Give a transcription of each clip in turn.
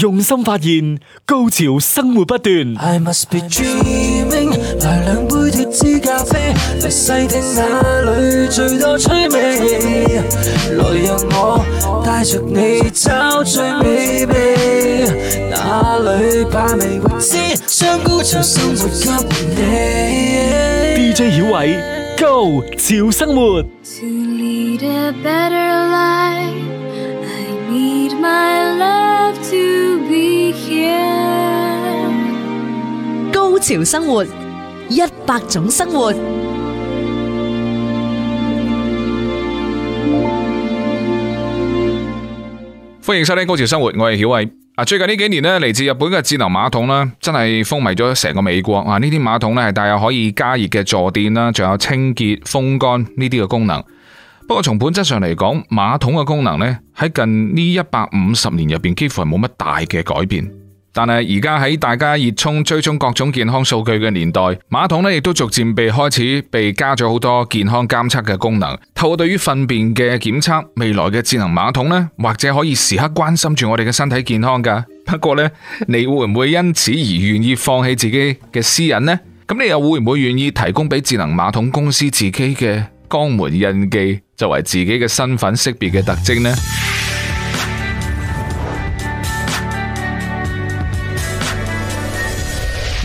用心發現，高潮生活不斷。I must be dreaming, 來兩杯脫脂咖啡，嚟細聽那裏最多趣味。來讓我帶着你找最美味，哪裏把味。先將高潮生活給你。DJ 曉偉，高潮生活。To lead a 高潮生活，一百種生活，歡迎收聽《高潮生活》。我係曉偉啊！最近呢幾年咧，嚟自日本嘅智能馬桶咧，真係風靡咗成個美國啊！呢啲馬桶咧係帶有可以加熱嘅坐墊啦，仲有清潔、風乾呢啲嘅功能。不過從本質上嚟講，馬桶嘅功能咧喺近呢一百五十年入邊，幾乎係冇乜大嘅改變。但係而家喺大家熱衷追蹤各種健康數據嘅年代，馬桶咧亦都逐漸被開始被加咗好多健康監測嘅功能。透過對於糞便嘅檢測，未來嘅智能馬桶呢，或者可以時刻關心住我哋嘅身體健康噶。不過呢，你會唔會因此而願意放棄自己嘅私隱呢？咁你又會唔會願意提供俾智能馬桶公司自己嘅肛門印記，作為自己嘅身份識別嘅特徵呢？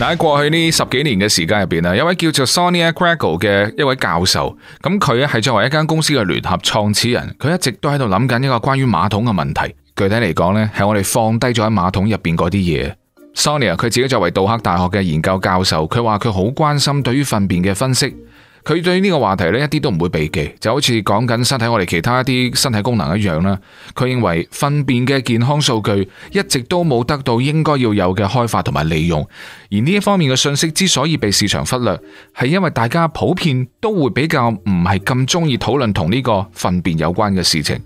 喺過去呢十幾年嘅時間入邊啊，有位叫做 Sonia Grego 嘅一位教授，咁佢咧係作為一間公司嘅聯合創始人，佢一直都喺度諗緊一個關於馬桶嘅問題。具體嚟講呢係我哋放低咗喺馬桶入邊嗰啲嘢。Sonia 佢自己作為杜克大學嘅研究教授，佢話佢好關心對於糞便嘅分析。佢對呢個話題呢，一啲都唔會避忌，就好似講緊身體我哋其他一啲身體功能一樣啦。佢認為糞便嘅健康數據一直都冇得到應該要有嘅開發同埋利用，而呢一方面嘅信息之所以被市場忽略，係因為大家普遍都會比較唔係咁中意討論同呢個糞便有關嘅事情。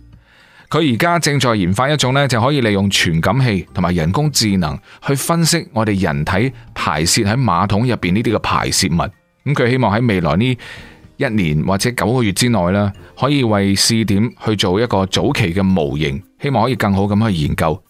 佢而家正在研發一種呢，就可以利用傳感器同埋人工智能去分析我哋人體排泄喺馬桶入邊呢啲嘅排泄物。咁佢希望喺未來呢一年或者九個月之內啦，可以為試點去做一個早期嘅模型，希望可以更好咁去研究。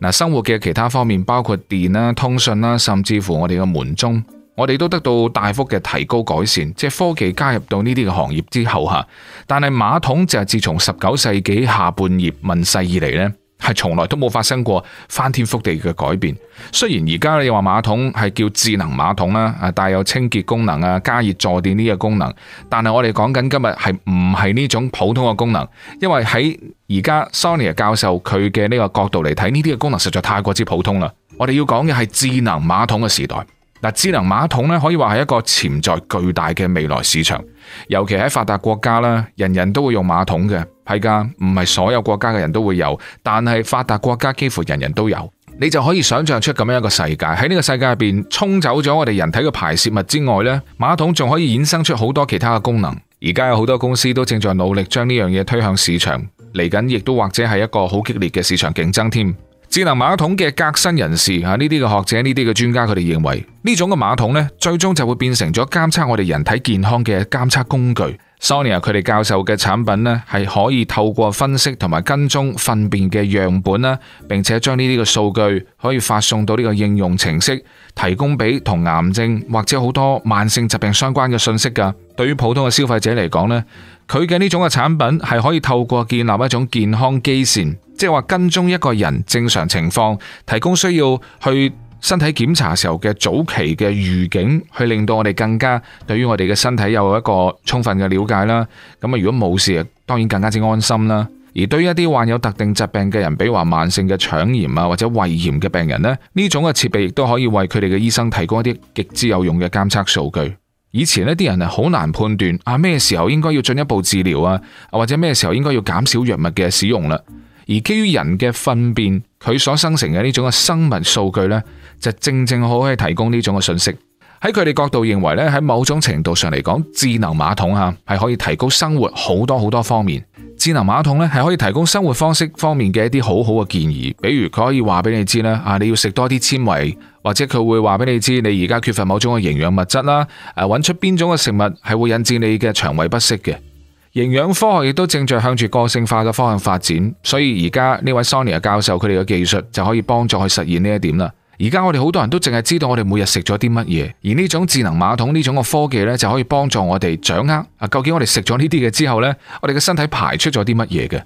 嗱，生活嘅其他方面包括電啦、通訊啦，甚至乎我哋嘅門鐘，我哋都得到大幅嘅提高改善。即係科技加入到呢啲嘅行業之後吓，但係馬桶就係自從十九世紀下半葉問世以嚟咧。係從來都冇發生過翻天覆地嘅改變。雖然而家你話馬桶係叫智能馬桶啦，啊帶有清潔功能啊、加熱坐墊呢個功能，但係我哋講緊今日係唔係呢種普通嘅功能，因為喺而家 Sonya 教授佢嘅呢個角度嚟睇，呢啲嘅功能實在太過之普通啦。我哋要講嘅係智能馬桶嘅時代。嗱，智能馬桶呢，可以話係一個潛在巨大嘅未來市場，尤其喺發達國家啦，人人都會用馬桶嘅。係噶唔係所有國家嘅人都會有，但係發達國家幾乎人人都有。你就可以想象出咁樣一個世界，喺呢個世界入邊，沖走咗我哋人體嘅排泄物之外，呢馬桶仲可以衍生出好多其他嘅功能。而家有好多公司都正在努力將呢樣嘢推向市場，嚟緊亦都或者係一個好激烈嘅市場競爭添。智能馬桶嘅革新人士啊，呢啲嘅學者、呢啲嘅專家，佢哋認為呢種嘅馬桶呢，最終就會變成咗監測我哋人體健康嘅監測工具。Sonia 佢哋教授嘅產品咧，係可以透過分析同埋跟蹤糞便嘅樣本啦，並且將呢啲嘅數據可以發送到呢個應用程式，提供俾同癌症或者好多慢性疾病相關嘅信息噶。對於普通嘅消費者嚟講呢，佢嘅呢種嘅產品係可以透過建立一種健康基線，即係話跟蹤一個人正常情況，提供需要去。身體檢查時候嘅早期嘅預警，去令到我哋更加對於我哋嘅身體有一個充分嘅了解啦。咁啊，如果冇事，當然更加之安心啦。而對於一啲患有特定疾病嘅人，比如話慢性嘅腸炎啊或者胃炎嘅病人呢，呢種嘅設備亦都可以為佢哋嘅醫生提供一啲極之有用嘅監測數據。以前呢啲人係好難判斷啊咩時候應該要進一步治療啊，或者咩時候應該要減少藥物嘅使用啦。而基於人嘅糞便，佢所生成嘅呢種嘅生物數據呢，就正正好可以提供呢種嘅信息，喺佢哋角度認為咧，喺某種程度上嚟講，智能馬桶吓係可以提高生活好多好多方面。智能馬桶咧係可以提供生活方式方面嘅一啲好好嘅建議，比如佢可以話俾你知啦，啊你要食多啲纖維，或者佢會話俾你知你而家缺乏某種嘅營養物質啦。誒，揾出邊種嘅食物係會引致你嘅腸胃不適嘅。營養科學亦都正在向住個性化嘅方向發展，所以而家呢位 Sonia 教授佢哋嘅技術就可以幫助去實現呢一點啦。而家我哋好多人都淨係知道我哋每日食咗啲乜嘢，而呢種智能馬桶呢種個科技呢，就可以幫助我哋掌握啊，究竟我哋食咗呢啲嘅之後呢，我哋嘅身體排出咗啲乜嘢嘅？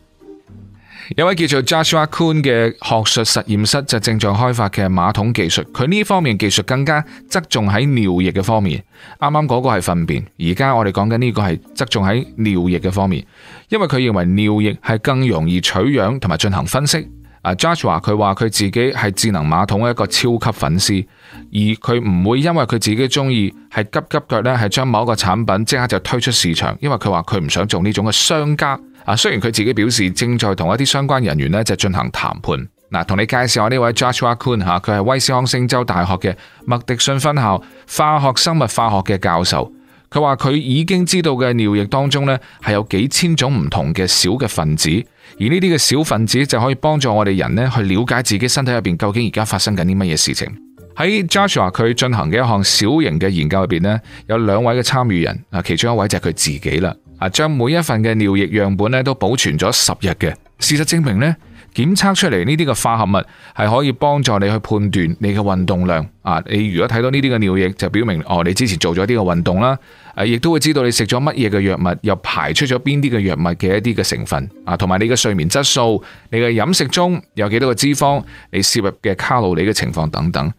有位叫做 Joshua Coon 嘅學術實驗室就是，正在開發嘅馬桶技術，佢呢方面技術更加側重喺尿液嘅方面。啱啱嗰個係糞便，而家我哋講緊呢個係側重喺尿液嘅方面，因為佢認為尿液係更容易取樣同埋進行分析。Joshua 佢話佢自己係智能馬桶一個超級粉絲，而佢唔會因為佢自己中意係急急腳咧，係將某一個產品即刻就推出市場，因為佢話佢唔想做呢種嘅商家。啊，雖然佢自己表示正在同一啲相關人員咧就進行談判。嗱，同你介紹下呢位 Joshua Coon 吓，佢係威斯康星州大學嘅麥迪遜分校化學生物化學嘅教授。佢話佢已經知道嘅尿液當中咧係有幾千種唔同嘅小嘅分子。而呢啲嘅小分子就可以幫助我哋人去了解自己身體入面究竟而家發生緊啲乜嘢事情。喺 Joshua 佢進行嘅一項小型嘅研究入面，咧，有兩位嘅參與人，其中一位就係佢自己啦，啊，將每一份嘅尿液樣本都保存咗十日嘅。事實證明呢。檢測出嚟呢啲嘅化合物係可以幫助你去判斷你嘅運動量啊！你如果睇到呢啲嘅尿液，就表明哦，你之前做咗啲嘅運動啦。誒，亦都會知道你食咗乜嘢嘅藥物，又排出咗邊啲嘅藥物嘅一啲嘅成分啊，同埋你嘅睡眠質素、你嘅飲食中有幾多個脂肪、你攝入嘅卡路里嘅情況等等。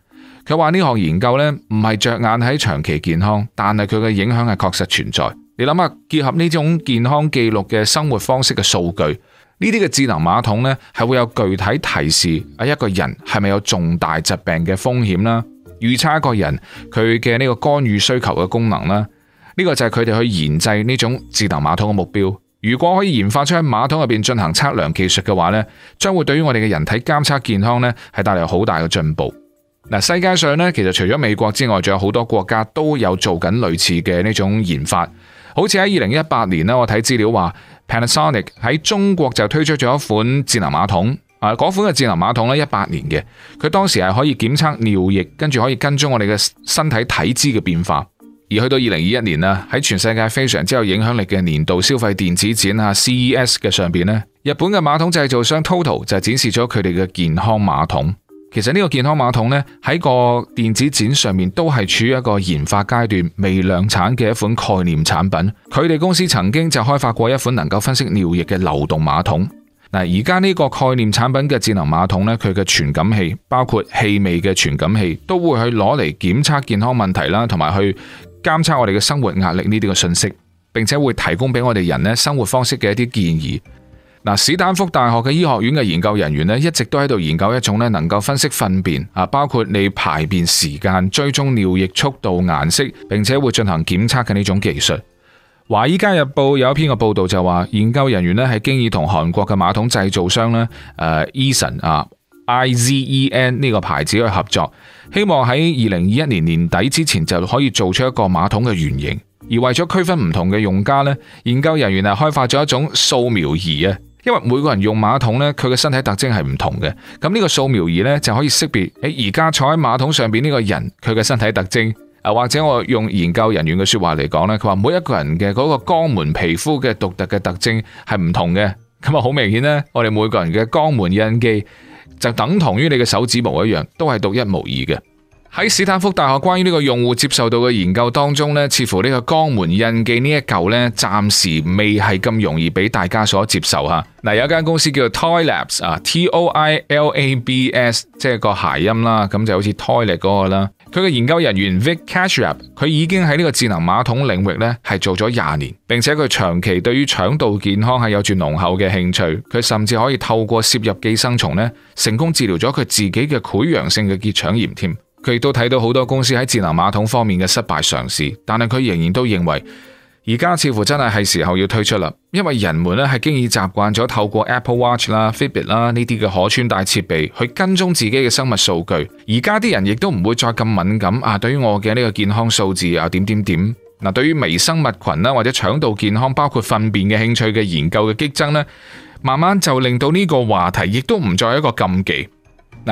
佢話呢項研究呢唔係着眼喺長期健康，但係佢嘅影響係確實存在。你諗下，結合呢種健康記錄嘅生活方式嘅數據。呢啲嘅智能馬桶呢係會有具體提示啊，一個人係咪有重大疾病嘅風險啦？預測一個人佢嘅呢個干預需求嘅功能啦，呢個就係佢哋去研製呢種智能馬桶嘅目標。如果可以研發出喺馬桶入邊進行測量技術嘅話呢，將會對於我哋嘅人體監測健康呢係帶來好大嘅進步。嗱，世界上呢，其實除咗美國之外，仲有好多國家都有做緊類似嘅呢種研發。好似喺二零一八年呢，我睇資料話。Panasonic 喺中國就推出咗一款智能馬桶，啊，嗰款嘅智能馬桶咧，一八年嘅，佢當時係可以檢測尿液，跟住可以跟蹤我哋嘅身體體脂嘅變化。而去到二零二一年咧，喺全世界非常之有影響力嘅年度消費電子展啊 CES 嘅上邊呢，日本嘅馬桶製造商 TOTO 就展示咗佢哋嘅健康馬桶。其實呢個健康馬桶呢，喺個電子展上面都係處於一個研發階段，未量產嘅一款概念產品。佢哋公司曾經就開發過一款能夠分析尿液嘅流動馬桶。嗱，而家呢個概念產品嘅智能馬桶呢，佢嘅傳感器包括氣味嘅傳感器都會去攞嚟檢測健康問題啦，同埋去監測我哋嘅生活壓力呢啲嘅信息，並且會提供俾我哋人呢生活方式嘅一啲建議。嗱，史丹福大學嘅醫學院嘅研究人員咧，一直都喺度研究一種咧能夠分析糞便啊，包括你排便時間、追蹤尿液速度、顏色，並且會進行檢測嘅呢種技術。《華爾街日報》有一篇嘅報道就話，研究人員咧係經已同韓國嘅馬桶製造商咧誒、呃、Eason 啊，I Z E N 呢個牌子去合作，希望喺二零二一年年底之前就可以做出一個馬桶嘅原型。而為咗區分唔同嘅用家呢，研究人員啊開發咗一種掃描儀啊。因為每個人用馬桶咧，佢嘅身體特徵係唔同嘅，咁、這、呢個掃描儀呢，就可以識別，誒而家坐喺馬桶上邊呢個人佢嘅身體特徵，啊或者我用研究人員嘅說話嚟講咧，佢話每一個人嘅嗰個肛門皮膚嘅獨特嘅特徵係唔同嘅，咁啊好明顯咧，我哋每個人嘅肛門印記就等同於你嘅手指模一樣，都係獨一無二嘅。喺斯坦福大學關於呢個用戶接受到嘅研究當中呢，似乎呢個肛門印記呢一舊呢，暫時未係咁容易俾大家所接受吓。嗱，有一間公司叫 Toilabs 啊，T O I L A B S，即係個諧音啦。咁就好似 toilet 嗰個啦。佢嘅研究人員 Vic Cashrap，佢已經喺呢個智能馬桶領域呢係做咗廿年，並且佢長期對於腸道健康係有住濃厚嘅興趣。佢甚至可以透過攝入寄生蟲呢，成功治療咗佢自己嘅潰瘍性嘅結腸炎添。佢亦都睇到好多公司喺智能馬桶方面嘅失敗嘗試，但係佢仍然都認為而家似乎真係係時候要推出啦，因為人們咧係經已習慣咗透過 Apple Watch 啦、Fitbit 啦呢啲嘅可穿戴設備去跟蹤自己嘅生物數據，而家啲人亦都唔會再咁敏感啊，對於我嘅呢個健康數字啊點點點。嗱，對於微生物群啦或者腸道健康包括糞便嘅興趣嘅研究嘅激增呢，慢慢就令到呢個話題亦都唔再有一個禁忌。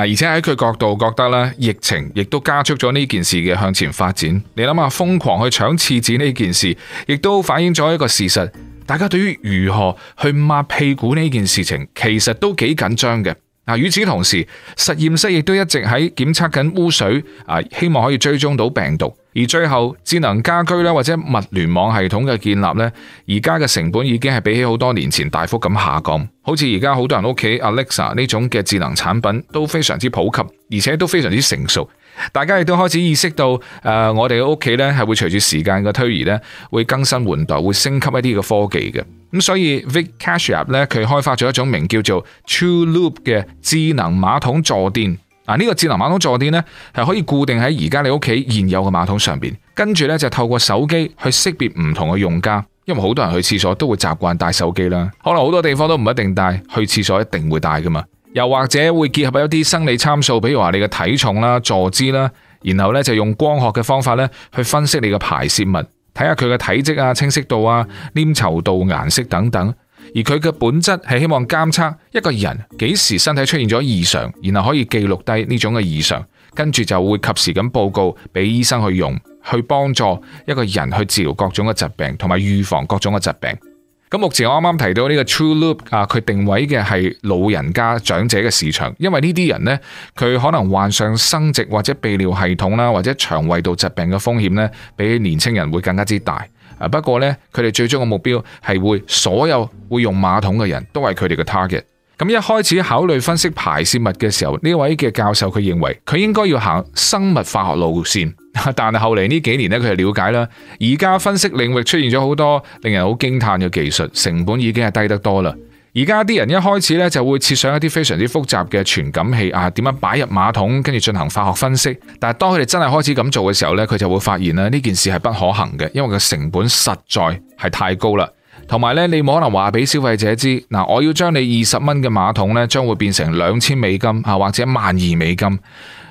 而且喺佢角度覺得咧，疫情亦都加速咗呢件事嘅向前發展。你諗下，瘋狂去搶廁紙呢件事，亦都反映咗一個事實，大家對於如何去抹屁股呢件事情，其實都幾緊張嘅。嗱，與此同時，實驗室亦都一直喺檢測緊污水，啊，希望可以追蹤到病毒。而最後，智能家居咧或者物聯網系統嘅建立咧，而家嘅成本已經係比起好多年前大幅咁下降。好似而家好多人屋企 Alexa 呢種嘅智能產品都非常之普及，而且都非常之成熟。大家亦都開始意識到，誒、呃，我哋嘅屋企咧係會隨住時間嘅推移咧，會更新換代，會升級一啲嘅科技嘅。咁所以 Vicashup 咧，佢開發咗一種名叫做 True Loop 嘅智能馬桶坐墊。嗱、啊，呢、這個智能馬桶坐墊咧係可以固定喺而家你屋企現有嘅馬桶上邊，跟住咧就是，透過手機去識別唔同嘅用家，因為好多人去廁所都會習慣帶手機啦。可能好多地方都唔一定帶，去廁所一定會帶噶嘛。又或者會結合一啲生理參數，比如話你嘅體重啦、坐姿啦，然後咧就用光學嘅方法咧去分析你嘅排泄物，睇下佢嘅體積啊、清晰度啊、黏稠度、顏色等等。而佢嘅本質係希望監測一個人幾時身體出現咗異常，然後可以記錄低呢種嘅異常，跟住就會及時咁報告俾醫生去用，去幫助一個人去治療各種嘅疾病，同埋預防各種嘅疾病。咁目前我啱啱提到呢個 True Loop 啊，佢定位嘅係老人家長者嘅市場，因為呢啲人呢，佢可能患上生殖或者泌尿系統啦、啊，或者腸胃道疾病嘅風險呢，比起年輕人會更加之大。啊，不過呢，佢哋最終嘅目標係會所有會用馬桶嘅人都係佢哋嘅 target。咁、嗯、一開始考慮分析排泄物嘅時候，呢位嘅教授佢認為佢應該要行生物化學路線。但係後嚟呢幾年咧，佢就了解啦。而家分析領域出現咗好多令人好驚嘆嘅技術，成本已經係低得多啦。而家啲人一開始呢，就會設想一啲非常之複雜嘅傳感器啊，點樣擺入馬桶，跟住進行化學分析。但係當佢哋真係開始咁做嘅時候呢，佢就會發現咧呢件事係不可行嘅，因為個成本實在係太高啦。同埋呢，你冇可能話俾消費者知，嗱，我要將你二十蚊嘅馬桶呢，將會變成兩千美金啊，或者萬二美金。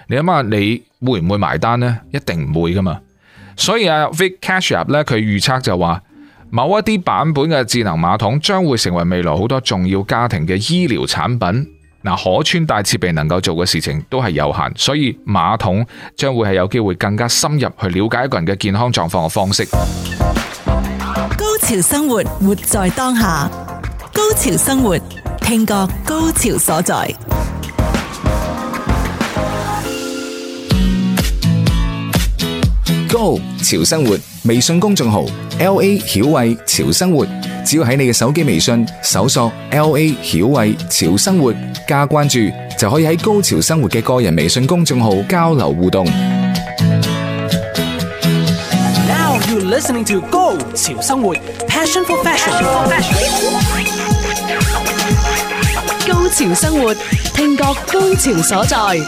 你諗下你，會唔會埋單呢？一定唔會噶嘛。所以啊 Vic Cashup 咧，佢預測就話，某一啲版本嘅智能馬桶將會成為未來好多重要家庭嘅醫療產品。嗱，可穿戴設備能夠做嘅事情都係有限，所以馬桶將會係有機會更加深入去了解一個人嘅健康狀況嘅方式。高潮生活，活在當下。高潮生活，聽覺高潮所在。高潮生活微信公眾號 L A 曉慧潮生活，只要喺你嘅手機微信搜索 L A 曉慧潮生活加關注，就可以喺高潮生活嘅個人微信公眾號交流互動。Now you're listening to 高潮生活 Passion for fashion。高潮生活，聽覺高潮所在。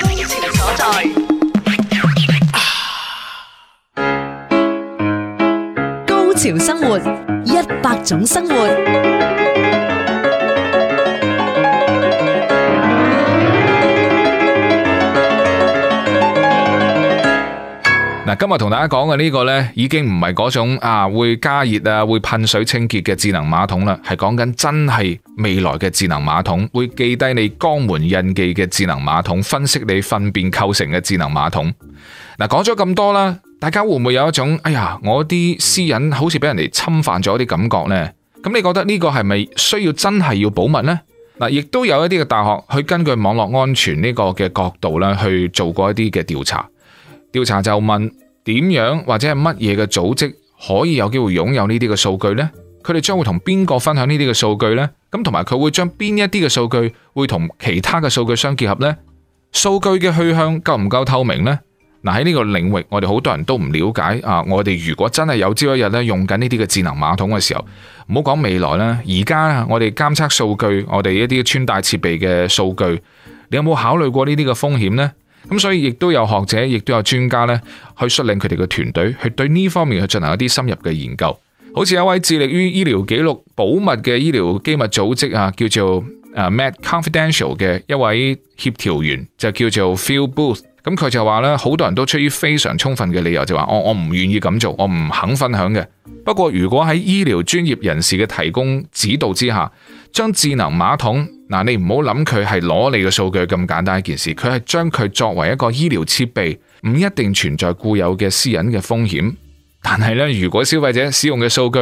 潮生活，一百種生活。嗱，今日同大家講嘅呢個呢，已經唔係嗰種啊會加熱啊會噴水清潔嘅智能馬桶啦，係講緊真係未來嘅智能馬桶，會記低你肛門印記嘅智能馬桶，分析你糞便構成嘅智能馬桶。嗱，講咗咁多啦。大家會唔會有一種，哎呀，我啲私隱好似俾人哋侵犯咗啲感覺呢？咁你覺得呢個係咪需要真係要保密呢？嗱，亦都有一啲嘅大學去根據網絡安全呢個嘅角度咧去做過一啲嘅調查。調查就問點樣或者係乜嘢嘅組織可以有機會擁有呢啲嘅數據呢？佢哋將會同邊個分享呢啲嘅數據呢？咁同埋佢會將邊一啲嘅數據會同其他嘅數據相結合呢？數據嘅去向夠唔夠透明呢？嗱，喺呢個領域，我哋好多人都唔了解啊！我哋如果真係有朝一日咧用緊呢啲嘅智能馬桶嘅時候，唔好講未來啦，而家我哋監測數據，我哋一啲穿戴設備嘅數據，你有冇考慮過呢啲嘅風險呢？咁所以亦都有學者，亦都有專家咧，去率領佢哋嘅團隊去對呢方面去進行一啲深入嘅研究。好似一位致力於醫療記錄保密嘅醫療機密組織啊，叫做誒 Med Confidential 嘅一位協調員，就叫做 Phil Booth。咁佢就話咧，好多人都出於非常充分嘅理由，就話，我我唔願意咁做，我唔肯分享嘅。不過如果喺醫療專業人士嘅提供指導之下，將智能馬桶嗱，你唔好諗佢係攞你嘅數據咁簡單一件事，佢係將佢作為一個醫療設備，唔一定存在固有嘅私隱嘅風險。但係咧，如果消費者使用嘅數據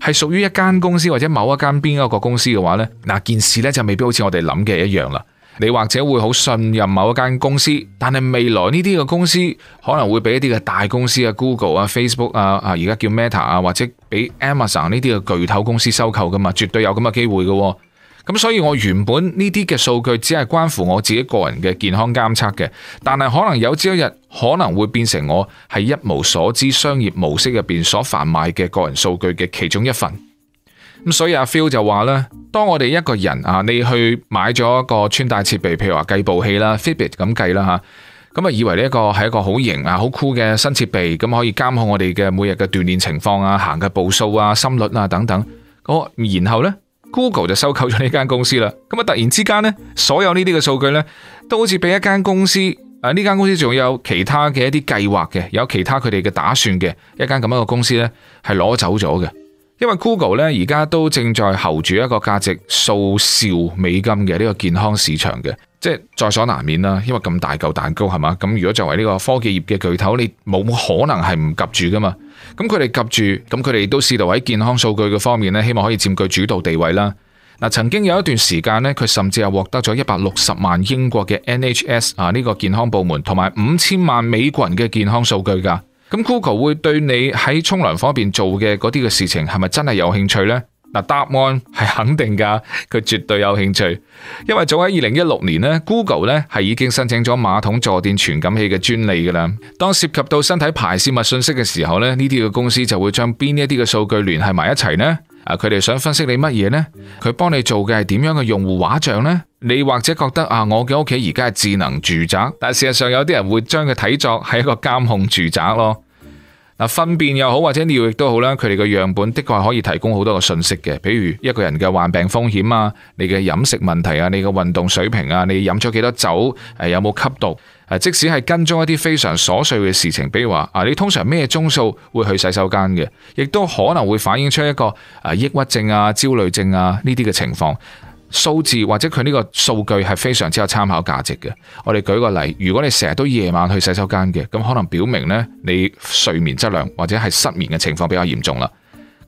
係屬於一間公司或者某一間邊一個公司嘅話咧，嗱件事咧就未必好似我哋諗嘅一樣啦。你或者會好信任某一間公司，但係未來呢啲嘅公司可能會俾一啲嘅大公司啊，Google 啊、Facebook 啊、啊而家叫 Meta 啊，或者俾 Amazon 呢啲嘅巨頭公司收購噶嘛，絕對有咁嘅機會噶喎。咁所以我原本呢啲嘅數據只係關乎我自己個人嘅健康監測嘅，但係可能有朝一日可能會變成我係一無所知商業模式入邊所販賣嘅個人數據嘅其中一份。咁所以阿 Phil 就話咧，當我哋一個人啊，你去買咗一個穿戴設備，譬如話計步器啦、Fitbit 咁計啦吓，咁啊以為呢一個係一個好型啊、好酷嘅新設備，咁可以監控我哋嘅每日嘅鍛煉情況啊、行嘅步數啊、心率啊等等。然後呢，Google 就收購咗呢間公司啦。咁啊突然之間呢，所有呢啲嘅數據呢，都好似俾一間公司，誒呢間公司仲有其他嘅一啲計劃嘅，有其他佢哋嘅打算嘅一間咁樣嘅公司呢，係攞走咗嘅。因為 Google 咧，而家都正在睺住一個價值數兆美金嘅呢個健康市場嘅，即係在所難免啦。因為咁大嚿蛋糕係嘛，咁如果作為呢個科技業嘅巨頭，你冇可能係唔及住噶嘛。咁佢哋及住，咁佢哋都試圖喺健康數據嘅方面咧，希望可以佔據主導地位啦。嗱，曾經有一段時間呢，佢甚至係獲得咗一百六十萬英國嘅 NHS 啊呢個健康部門同埋五千萬美國人嘅健康數據噶。咁 Google 會對你喺沖涼方面做嘅嗰啲嘅事情係咪真係有興趣呢？嗱，答案係肯定噶，佢絕對有興趣，因為早喺二零一六年呢 Google 呢係已經申請咗馬桶坐墊傳感器嘅專利噶啦。當涉及到身體排泄物信息嘅時候咧，呢啲嘅公司就會將邊一啲嘅數據聯繫埋一齊呢？啊，佢哋想分析你乜嘢呢？佢幫你做嘅係點樣嘅用戶畫像呢？你或者覺得啊，我嘅屋企而家係智能住宅，但事實上有啲人會將佢睇作係一個監控住宅咯。嗱、啊，糞便又好或者尿液都好啦，佢哋個樣本的確係可以提供好多個信息嘅，比如一個人嘅患病風險啊，你嘅飲食問題啊，你嘅運動水平啊，你飲咗幾多酒，誒、啊、有冇吸毒？啊、即使係跟蹤一啲非常瑣碎嘅事情，比如話啊，你通常咩鐘數會去洗手間嘅，亦都可能會反映出一個、啊、抑鬱症啊、焦慮症啊呢啲嘅情況。數字或者佢呢個數據係非常之有參考價值嘅。我哋舉個例，如果你成日都夜晚去洗手間嘅，咁可能表明呢，你睡眠質量或者係失眠嘅情況比較嚴重啦。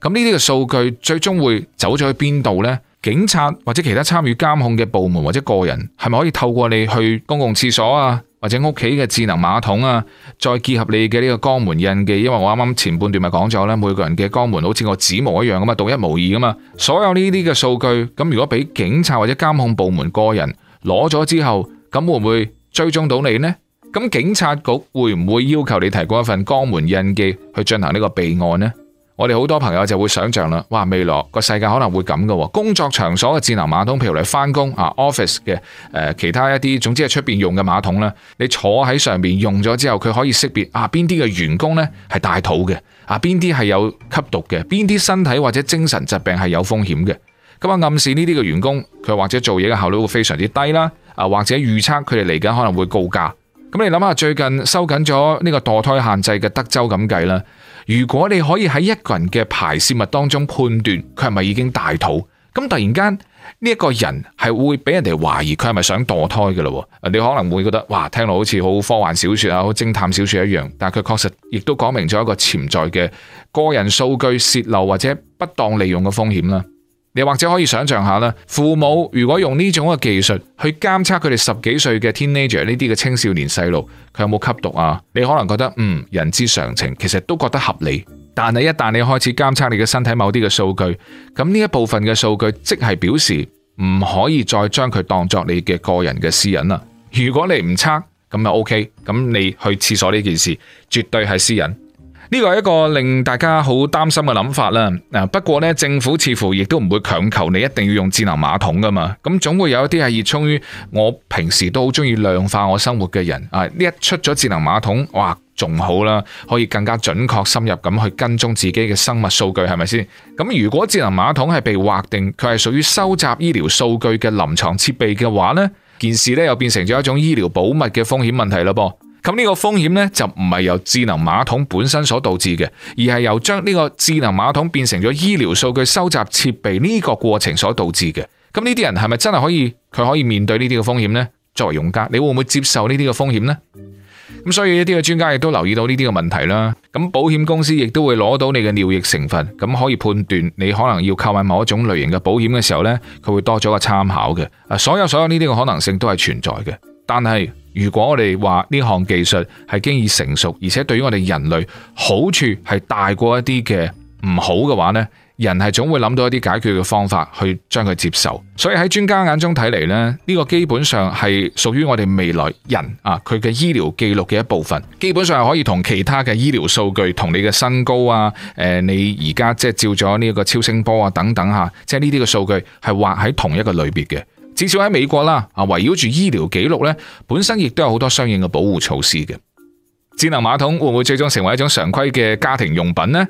咁呢啲嘅數據最終會走咗去邊度呢？警察或者其他參與監控嘅部門或者個人係咪可以透過你去公共廁所啊？或者屋企嘅智能馬桶啊，再結合你嘅呢個肛門印記，因為我啱啱前半段咪講咗咧，每個人嘅肛門好似個指模一樣咁嘛，獨一無二咁嘛。所有呢啲嘅數據，咁如果俾警察或者監控部門個人攞咗之後，咁會唔會追蹤到你呢？咁警察局會唔會要求你提供一份肛門印記去進行呢個備案呢？我哋好多朋友就會想象啦，哇！未來個世界可能會咁嘅、哦，工作場所嘅智能馬桶，譬如你翻工啊，office 嘅誒、呃、其他一啲，總之係出邊用嘅馬桶啦，你坐喺上邊用咗之後，佢可以識別啊邊啲嘅員工呢係大肚嘅，啊邊啲係有吸毒嘅，邊啲身體或者精神疾病係有風險嘅，咁、嗯、啊暗示呢啲嘅員工佢或者做嘢嘅效率會非常之低啦，啊或者預測佢哋嚟緊可能會告假。咁你諗下最近收緊咗呢個墮胎限制嘅德州咁計啦。如果你可以喺一個人嘅排泄物當中判斷佢係咪已經大肚，咁突然間呢一個人係會俾人哋懷疑佢係咪想墮胎嘅咯？你可能會覺得，哇，聽落好似好科幻小説啊，好偵探小説一樣，但係佢確實亦都講明咗一個潛在嘅個人數據洩漏或者不當利用嘅風險啦。你或者可以想象下啦，父母如果用呢種嘅技術去監測佢哋十幾歲嘅 teenager 呢啲嘅青少年細路，佢有冇吸毒啊？你可能覺得嗯，人之常情，其實都覺得合理。但係一旦你開始監測你嘅身體某啲嘅數據，咁呢一部分嘅數據即係表示唔可以再將佢當作你嘅個人嘅私隱啦。如果你唔測，咁就 OK。咁你去廁所呢件事，絕對係私隱。呢個係一個令大家好擔心嘅諗法啦。嗱、啊，不過呢，政府似乎亦都唔會強求你一定要用智能馬桶㗎嘛。咁總會有一啲係熱衷於我平時都好中意量化我生活嘅人啊。呢一出咗智能馬桶，哇，仲好啦，可以更加準確深入咁去跟蹤自己嘅生物數據，係咪先？咁、啊、如果智能馬桶係被劃定佢係屬於收集醫療數據嘅臨床設備嘅話，呢件事呢又變成咗一種醫療保密嘅風險問題咯噃。咁呢個風險呢，就唔係由智能馬桶本身所導致嘅，而係由將呢個智能馬桶變成咗醫療數據收集設備呢個過程所導致嘅。咁呢啲人係咪真係可以佢可以面對呢啲嘅風險呢？作為用家，你會唔會接受呢啲嘅風險呢？咁所以一啲嘅專家亦都留意到呢啲嘅問題啦。咁保險公司亦都會攞到你嘅尿液成分，咁可以判斷你可能要購買某一種類型嘅保險嘅時候呢，佢會多咗個參考嘅。啊，所有所有呢啲嘅可能性都係存在嘅，但係。如果我哋話呢項技術係經已成熟，而且對於我哋人類好處係大過一啲嘅唔好嘅話呢，人係總會諗到一啲解決嘅方法去將佢接受。所以喺專家眼中睇嚟咧，呢、呢個基本上係屬於我哋未來人啊佢嘅醫療記錄嘅一部分，基本上係可以同其他嘅醫療數據，同你嘅身高啊，誒、呃、你而家即係照咗呢個超聲波啊等等吓，即係呢啲嘅數據係劃喺同一個類別嘅。至少喺美國啦，啊，圍繞住醫療記錄咧，本身亦都有好多相應嘅保護措施嘅。智能馬桶會唔會最終成為一種常規嘅家庭用品呢？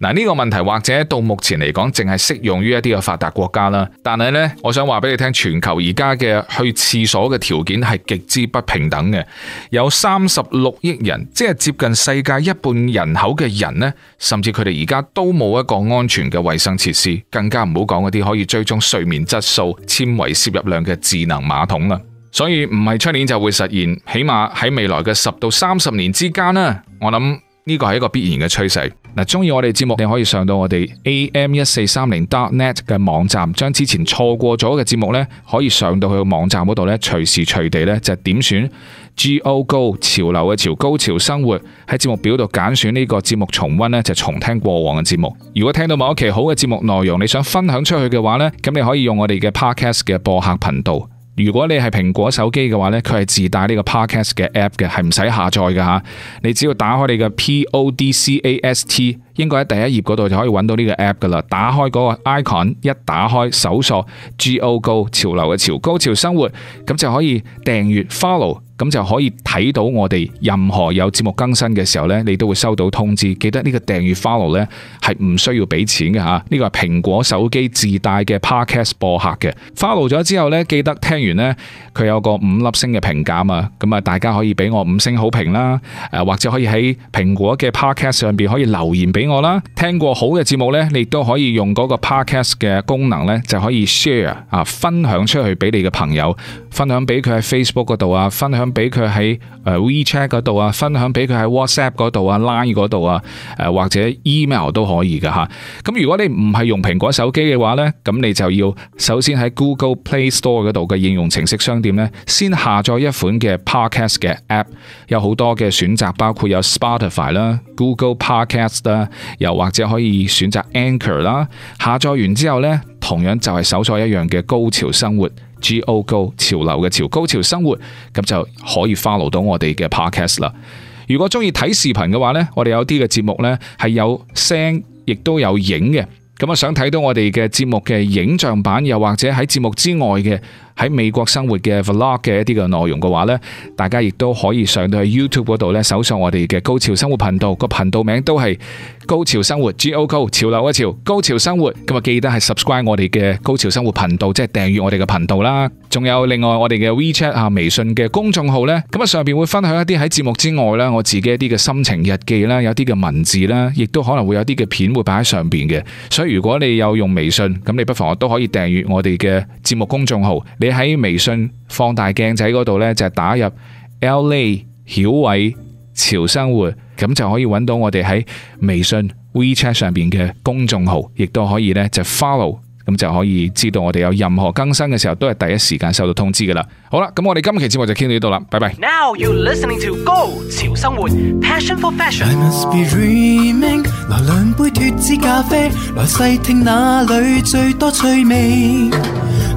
嗱，呢個問題或者到目前嚟講，淨係適用於一啲嘅發達國家啦。但係呢，我想話俾你聽，全球而家嘅去廁所嘅條件係極之不平等嘅。有三十六億人，即係接近世界一半人口嘅人呢，甚至佢哋而家都冇一個安全嘅衛生設施，更加唔好講嗰啲可以追蹤睡眠質素、纖維攝入量嘅智能馬桶啦。所以唔係出年就會實現，起碼喺未來嘅十到三十年之間呢，我諗呢個係一個必然嘅趨勢。嗱，中意我哋節目，你可以上到我哋 am 一四三零 dot net 嘅網站，將之前錯過咗嘅節目呢，可以上到佢個網站嗰度呢，隨時隨地呢，就點選 Go Go 潮流嘅潮，高潮生活喺節目表度揀選呢個節目重溫呢，就重聽過往嘅節目。如果聽到某一期好嘅節目內容，你想分享出去嘅話呢，咁你可以用我哋嘅 Podcast 嘅播客頻道。如果你係蘋果手機嘅話呢，佢係自帶呢個 Podcast 嘅 App 嘅，係唔使下載㗎吓。你只要打開你嘅 Podcast，應該喺第一頁嗰度就可以揾到呢個 App 㗎喇。打開嗰個 icon，一打開，搜索 G、O、Go G 潮流嘅潮，高潮生活，咁就可以訂閱 Follow。咁就可以睇到我哋任何有節目更新嘅時候咧，你都會收到通知。記得呢個訂閱 follow 咧係唔需要俾錢嘅吓，呢個係蘋果手機自帶嘅 podcast 播客嘅。follow 咗之後咧，記得聽完咧，佢有個五粒星嘅評價啊，咁啊大家可以俾我五星好評啦，誒或者可以喺蘋果嘅 podcast 上邊可以留言俾我啦。聽過好嘅節目咧，你都可以用個 podcast 嘅功能咧就可以 share 啊分享出去俾你嘅朋友，分享俾佢喺 facebook 度啊，分享。俾佢喺誒 WeChat 度啊，分享俾佢喺 WhatsApp 度啊、Line 度啊，誒或者 email 都可以㗎吓，咁如果你唔係用蘋果手機嘅話呢，咁你就要首先喺 Google Play Store 嗰度嘅應用程式商店呢，先下載一款嘅 Podcast 嘅 App，有好多嘅選擇，包括有 Spotify 啦、Google Podcast 啦，又或者可以選擇 Anchor 啦。下載完之後呢，同樣就係搜索一樣嘅高潮生活。G O Go 潮流嘅潮，高潮生活，咁就可以 follow 到我哋嘅 podcast 啦。如果中意睇視頻嘅話呢，我哋有啲嘅節目呢係有聲亦都有影嘅。咁啊，想睇到我哋嘅節目嘅影像版，又或者喺節目之外嘅。喺美國生活嘅 Vlog 嘅一啲嘅內容嘅話呢，大家亦都可以上到去 YouTube 嗰度呢，搜索我哋嘅高潮生活頻道，個頻道名都係高潮生活 G O G 潮流一潮高潮生活。咁啊，OK，記得係 subscribe 我哋嘅高潮生活頻道，即係訂閱我哋嘅頻道啦。仲有另外我哋嘅 WeChat 啊，微信嘅公眾號呢。咁啊上邊會分享一啲喺節目之外呢，我自己一啲嘅心情日記啦，有啲嘅文字啦，亦都可能會有啲嘅片會擺喺上邊嘅。所以如果你有用微信，咁你不妨都可以訂閱我哋嘅節目公眾號。你喺微信放大鏡仔嗰度呢，就打入 L A 曉偉潮生活，咁就可以揾到我哋喺微信 WeChat 上邊嘅公眾號，亦都可以呢，就 follow，咁就可以知道我哋有任何更新嘅時候，都係第一時間收到通知噶啦。好啦，咁我哋今期節目就傾到呢度啦，拜拜。Now you listening to Go 潮生活，Passion for Fashion